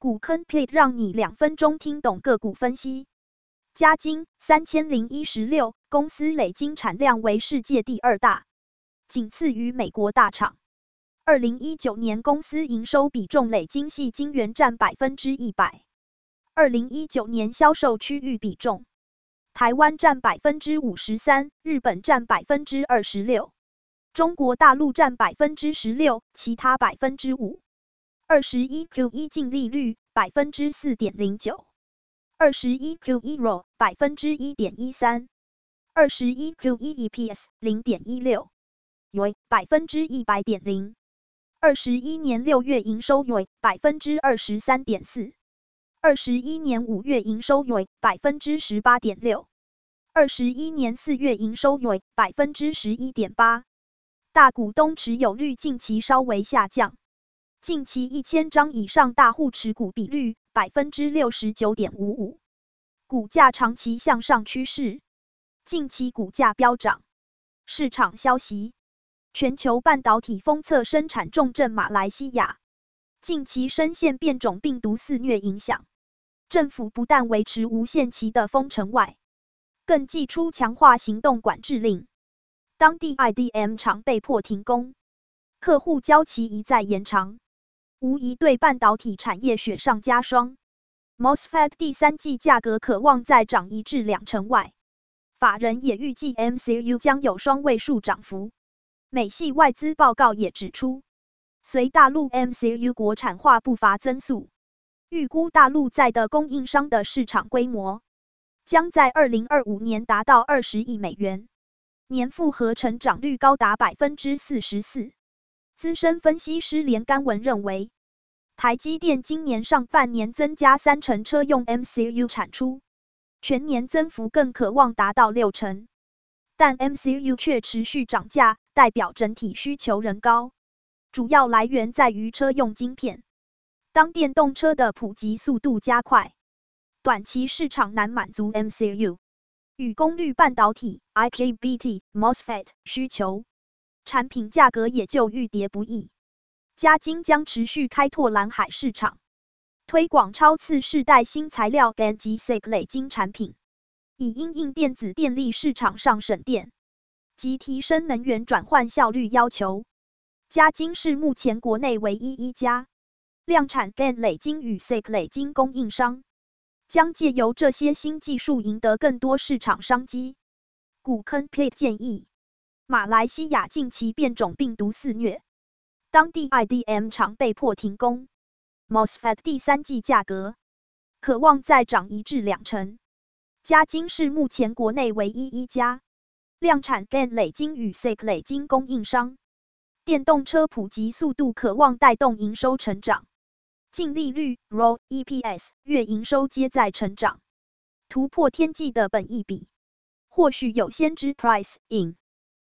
股坑 plate 讓你兩分鐘聽懂個股分析。嘉晶三千零一十六公司磊晶產量為世界第二大，僅次於美國大廠。二零一九年公司營收比重磊晶矽晶圓占百分之一百。二零一九年銷售區域比重，台灣占百分之五十三，日本占百分之二十六，中國大陸占百分之十六，其他百分之五。二十一 Q1 淨利率百分之四點零九，二十一 Q1 ROE 百分之一點一三，二十一 Q1 EPS 零點一六，YoY 百分之一百點零，二十一年六月營收 YoY 百分之二十三點四，二十一年五月營收 YoY 百分之十八點六，二十一年四月營收 YoY 百分之十一點八，大股東持有率近期稍微下降。近期一千張以上大戶持股比率百分之六十九點五五，股價長期向上趨勢，近期股價飆漲。市場消息，全球半導體封測生產重鎮馬來西亞，近期深陷變種病毒肆虐影響，政府不但維持無限期的封城外，更祭出強化行動管制令，當地 IDM 廠被迫停工，客戶交期一再延長。無疑對半導體產業雪上加霜。MOSFET 第三季價格可望再漲一至兩成外，法人也預計 MCU 將有雙位數漲幅。美系外資報告也指出，隨大陸 MCU 國產化步伐增速，預估大陸在的供應商的市場規模將在二零二五年達到二十億美元，年複合成長率高達百分之四十四。資深分析師連甘文認為，台積電今年上半年增加三成車用 MCU 產出，全年增幅更可望達到六成，但 MCU 卻持續漲價，代表整體需求仍高，主要來源在於車用晶片。當電動車的普及速度加快，短期市場難滿足 MCU 與功率半導體 IGBT、MOSFET 需求。產品價格也就愈跌不易。嘉晶將持續開拓藍海市場，推廣超次世代新材料 GAN 及 SiC 磊晶產品，以因應電子電力市場上省電及提升能源轉換效率要求。嘉晶是目前國內唯一一家量產 GAN 磊晶與 SiC 磊晶供應商，將借由這些新技術贏得更多市場商機。股坑 plate 建議。馬來西亞近期變種病毒肆虐，當地 IDM 廠被迫停工。MOSFET 第三季價格可望再漲一至兩成。嘉晶是目前國內唯一一家量產 GaN 磊晶與 SiC 磊晶供應商。電動車普及速度可望帶動營收成長。淨利率、ROE、EPS、月營收皆在成長。突破天際的本益比，或許有先知 Price-in。